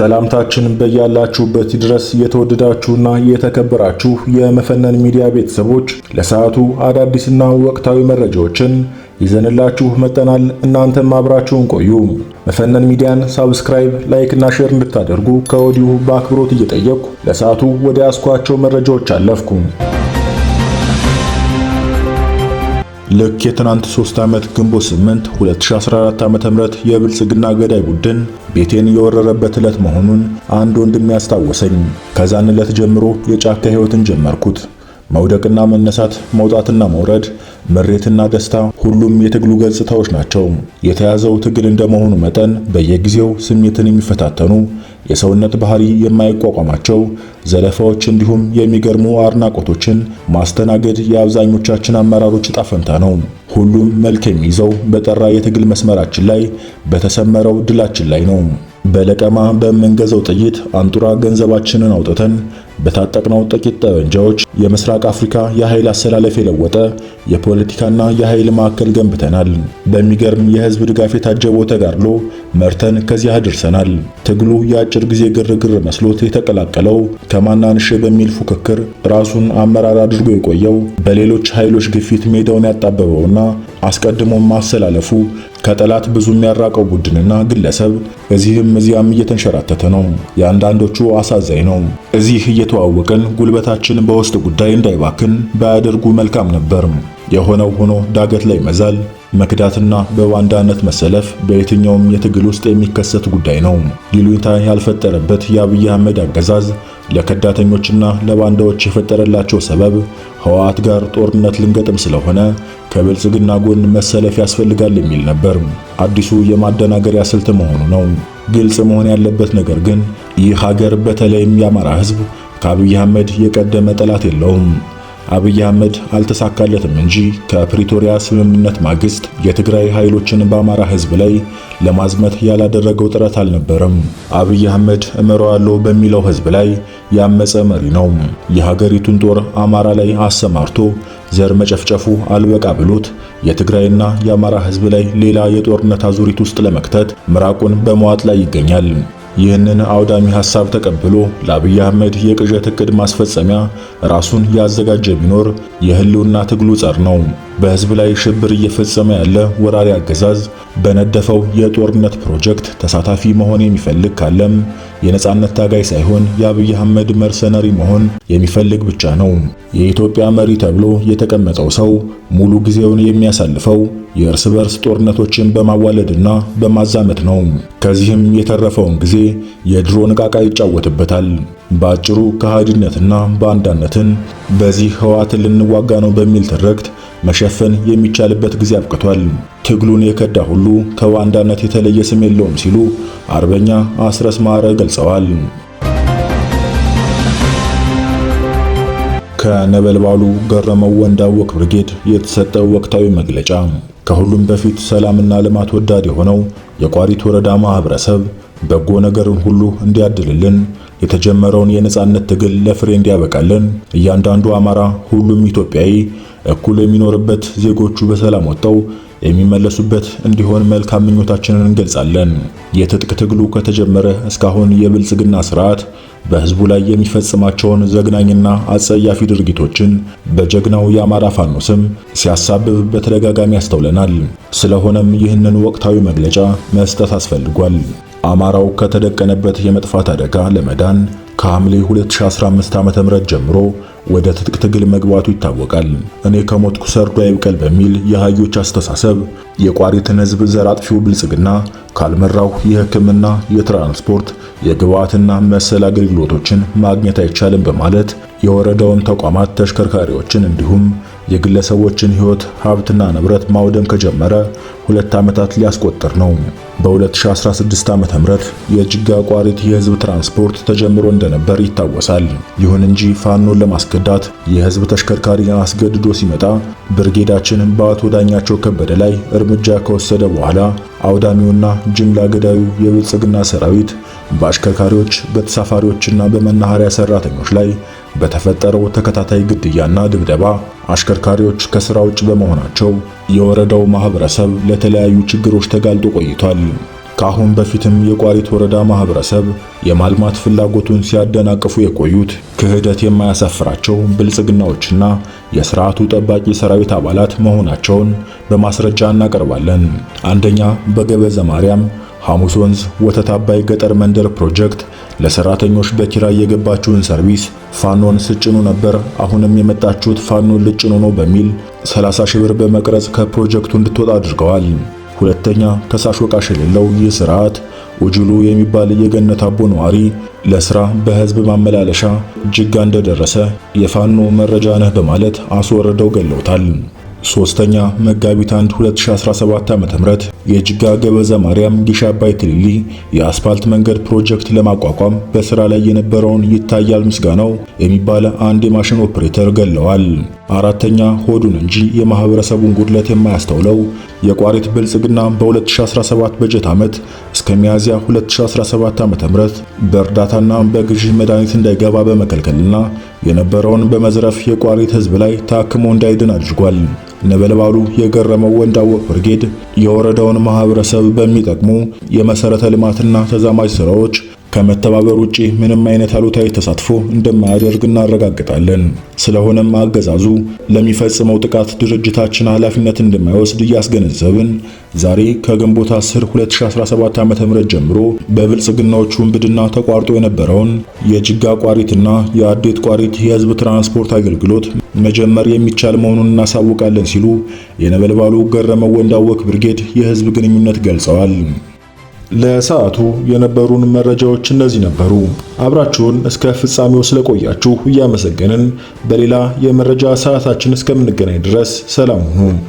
ሰላምታችንን በያላችሁበት ድረስ የተወደዳችሁና የተከበራችሁ የመፈነን ሚዲያ ቤተሰቦች ለሰዓቱ አዳዲስና ወቅታዊ መረጃዎችን ይዘንላችሁ መጠናል። እናንተም አብራችሁን ቆዩ። መፈነን ሚዲያን ሳብስክራይብ፣ ላይክ እና ሼር እንድታደርጉ ከወዲሁ በአክብሮት እየጠየቅኩ ለሰዓቱ ወደ ያስኳቸው መረጃዎች አለፍኩ። ልክ የትናንት 3 ዓመት ግንቦት 8 2014 ዓ.ም የብልጽግና ገዳይ ቡድን ቤቴን የወረረበት ዕለት መሆኑን አንድ ወንድም ያስታወሰኝ። ከዛን ዕለት ጀምሮ የጫካ ሕይወትን ጀመርኩት። መውደቅና መነሳት፣ መውጣትና መውረድ፣ ምሬትና ደስታ ሁሉም የትግሉ ገጽታዎች ናቸው። የተያዘው ትግል እንደመሆኑ መጠን በየጊዜው ስሜትን የሚፈታተኑ የሰውነት ባህሪ የማይቋቋማቸው ዘለፋዎች፣ እንዲሁም የሚገርሙ አድናቆቶችን ማስተናገድ የአብዛኞቻችን አመራሮች ዕጣ ፈንታ ነው። ሁሉም መልክ የሚይዘው በጠራ የትግል መስመራችን ላይ በተሰመረው ድላችን ላይ ነው። በለቀማ በምንገዛው ጥይት አንጡራ ገንዘባችንን አውጥተን በታጠቅነው ጥቂት ጠመንጃዎች የምስራቅ አፍሪካ የኃይል አሰላለፍ የለወጠ የፖለቲካና የኃይል ማዕከል ገንብተናል። በሚገርም የህዝብ ድጋፍ የታጀበው ተጋድሎ መርተን ከዚህ አድርሰናል። ትግሉ የአጭር ጊዜ ግርግር መስሎት የተቀላቀለው ከማናንሽ በሚል ፉክክር ራሱን አመራር አድርጎ የቆየው በሌሎች ኃይሎች ግፊት ሜዳውን ያጣበበውና አስቀድሞ ማሰላለፉ ከጠላት ብዙ የሚያራቀው ቡድንና ግለሰብ እዚህም እዚያም እየተንሸራተተ ነው። የአንዳንዶቹ አሳዛኝ ነው። እዚህ እየተዋወቀን ጉልበታችን በውስጥ ጉዳይ እንዳይባክን ባያደርጉ መልካም ነበር። የሆነው ሆኖ ዳገት ላይ መዛል መክዳትና በባንዳነት መሰለፍ በየትኛውም የትግል ውስጥ የሚከሰት ጉዳይ ነው። ይሉኝታ ያልፈጠረበት የአብይ አህመድ አገዛዝ ለከዳተኞችና ለባንዳዎች የፈጠረላቸው ሰበብ ህወሓት ጋር ጦርነት ልንገጥም ስለሆነ ከብልጽግና ጎን መሰለፍ ያስፈልጋል የሚል ነበር። አዲሱ የማደናገሪያ ስልት መሆኑ ነው። ግልጽ መሆን ያለበት ነገር ግን ይህ ሀገር በተለይም የአማራ ህዝብ ከአብይ አህመድ የቀደመ ጠላት የለውም። አብይ አህመድ አልተሳካለትም እንጂ ከፕሪቶሪያ ስምምነት ማግስት የትግራይ ኃይሎችን በአማራ ሕዝብ ላይ ለማዝመት ያላደረገው ጥረት አልነበረም። አብይ አህመድ እመራዋለሁ በሚለው ሕዝብ ላይ ያመፀ መሪ ነው። የሀገሪቱን ጦር አማራ ላይ አሰማርቶ ዘር መጨፍጨፉ አልበቃ ብሎት የትግራይና የአማራ ሕዝብ ላይ ሌላ የጦርነት አዙሪት ውስጥ ለመክተት ምራቁን በመዋጥ ላይ ይገኛል። ይህንን አውዳሚ ሐሳብ ተቀብሎ ለአብይ አህመድ የቅዠት እቅድ ማስፈጸሚያ ራሱን ያዘጋጀ ቢኖር የህልውና ትግሉ ጸር ነው። በህዝብ ላይ ሽብር እየፈጸመ ያለ ወራሪ አገዛዝ በነደፈው የጦርነት ፕሮጀክት ተሳታፊ መሆን የሚፈልግ ካለም የነጻነት ታጋይ ሳይሆን የአብይ አህመድ መርሰነሪ መሆን የሚፈልግ ብቻ ነው። የኢትዮጵያ መሪ ተብሎ የተቀመጠው ሰው ሙሉ ጊዜውን የሚያሳልፈው የእርስ በርስ ጦርነቶችን በማዋለድና በማዛመት ነው። ከዚህም የተረፈውን ጊዜ የድሮ ንቃቃ ይጫወትበታል። በአጭሩ ከሃዲነትና ባንዳነትን በዚህ ህዋት ልንዋጋ ነው በሚል ትርክት መሸፈን የሚቻልበት ጊዜ አብቅቷል። ትግሉን የከዳ ሁሉ ከዋንዳነት የተለየ ስም የለውም ሲሉ አርበኛ አስረስ ማረ ገልጸዋል። ከነበልባሉ ገረመው ወንዳወቅ ብርጌድ የተሰጠው ወቅታዊ መግለጫ ከሁሉም በፊት ሰላምና ልማት ወዳድ የሆነው የቋሪት ወረዳ ማህበረሰብ በጎ ነገርን ሁሉ እንዲያድልልን የተጀመረውን የነጻነት ትግል ለፍሬ እንዲያበቃልን እያንዳንዱ አማራ፣ ሁሉም ኢትዮጵያዊ እኩል የሚኖርበት ዜጎቹ በሰላም ወጥተው የሚመለሱበት እንዲሆን መልካም ምኞታችንን እንገልጻለን። የትጥቅ ትግሉ ከተጀመረ እስካሁን የብልጽግና ስርዓት በህዝቡ ላይ የሚፈጽማቸውን ዘግናኝና አጸያፊ ድርጊቶችን በጀግናው የአማራ ፋኖ ስም ሲያሳብብ በተደጋጋሚ ያስተውለናል። ስለሆነም ይህንን ወቅታዊ መግለጫ መስጠት አስፈልጓል። አማራው ከተደቀነበት የመጥፋት አደጋ ለመዳን ከሐምሌ 2015 ዓ.ም ጀምሮ ወደ ትጥቅ ትግል መግባቱ ይታወቃል። እኔ ከሞትኩ ሰርዶ አይብቀል በሚል የሃዮች አስተሳሰብ የቋሪትን ህዝብ ዘር አጥፊው ብልጽግና ካልመራው የህክምና የትራንስፖርት፣ የግብዓትና መሰል አገልግሎቶችን ማግኘት አይቻልም በማለት የወረዳውን ተቋማት ተሽከርካሪዎችን እንዲሁም የግለሰቦችን ሕይወት ሀብትና ንብረት ማውደም ከጀመረ ሁለት ዓመታት ሊያስቆጥር ነው። በ2016 ዓመተ ምህረት የጅጋ ቋሪት የህዝብ ትራንስፖርት ተጀምሮ እንደነበር ይታወሳል። ይሁን እንጂ ፋኖን ለማስገዳት የህዝብ ተሽከርካሪ አስገድዶ ሲመጣ ብርጌዳችን በአቶ ዳኛቸው ከበደ ላይ እርምጃ ከወሰደ በኋላ አውዳሚውና ጅምላ ገዳዩ የብልጽግና ሰራዊት በአሽከርካሪዎች በተሳፋሪዎችና በመናኸሪያ ሰራተኞች ላይ በተፈጠረው ተከታታይ ግድያና ድብደባ አሽከርካሪዎች ከስራ ውጭ በመሆናቸው የወረዳው ማህበረሰብ ለተለያዩ ችግሮች ተጋልጦ ቆይቷል። ከአሁን በፊትም የቋሪት ወረዳ ማህበረሰብ የማልማት ፍላጎቱን ሲያደናቅፉ የቆዩት ክህደት የማያሳፍራቸው ብልጽግናዎችና የስርዓቱ ጠባቂ ሰራዊት አባላት መሆናቸውን በማስረጃ እናቀርባለን። አንደኛ፣ በገበዘ ማርያም ሐሙስ ወንዝ ወተት አባይ ገጠር መንደር ፕሮጀክት ለሰራተኞች በኪራይ የገባችውን ሰርቪስ ፋኖን ስጭኑ ነበር፣ አሁንም የመጣችሁት ፋኖን ልጭኑ ነው በሚል 30 ሺህ ብር በመቅረጽ ከፕሮጀክቱ እንድትወጣ አድርገዋል። ሁለተኛ ከሳሽ ወቃሽ የሌለው ይህ ስርዓት ውጅሉ የሚባል የገነት አቦ ነዋሪ ለስራ በህዝብ ማመላለሻ ጅጋ እንደደረሰ የፋኖ መረጃ ነህ በማለት አስወረደው ገለውታል። ሶስተኛ መጋቢት 1 2017 ዓ.ም የጅጋ ገበዘ ማርያም ጊሽ አባይ ትሊሊ የአስፋልት መንገድ ፕሮጀክት ለማቋቋም በስራ ላይ የነበረውን ይታያል ምስጋናው የሚባለ አንድ የማሽን ኦፕሬተር ገለዋል። አራተኛ ሆዱን እንጂ የማህበረሰቡን ጉድለት የማያስተውለው የቋሪት ብልጽግና በ2017 በጀት ዓመት እስከ ሚያዝያ 2017 ዓ.ም በእርዳታና በግዢ መድኃኒት እንዳይገባ በመከልከልና የነበረውን በመዝረፍ የቋሪት ህዝብ ላይ ታክሞ እንዳይድን አድርጓል። ነበልባሉ የገረመው ወንዳው ብርጌድ የወረዳውን ማህበረሰብ በሚጠቅሙ የመሰረተ ልማትና ተዛማጅ ስራዎች ከመተባበር ውጪ ምንም አይነት አሉታዊ ተሳትፎ እንደማያደርግ እናረጋግጣለን። ስለሆነም አገዛዙ ለሚፈጽመው ጥቃት ድርጅታችን ኃላፊነት እንደማይወስድ እያስገነዘብን ዛሬ ከግንቦት 10 2017 ዓ.ም ጀምሮ በብልጽግናዎቹ ውንብድና ተቋርጦ የነበረውን የጅጋ ቋሪትና የአዴት ቋሪት የህዝብ ትራንስፖርት አገልግሎት መጀመር የሚቻል መሆኑን እናሳውቃለን ሲሉ የነበልባሉ ገረመው ወንዳወክ ብርጌድ የህዝብ ግንኙነት ገልጸዋል። ለሰዓቱ የነበሩን መረጃዎች እነዚህ ነበሩ። አብራችሁን እስከ ፍጻሜው ስለቆያችሁ እያመሰገንን በሌላ የመረጃ ሰዓታችን እስከምንገናኝ ድረስ ሰላም ሁኑ።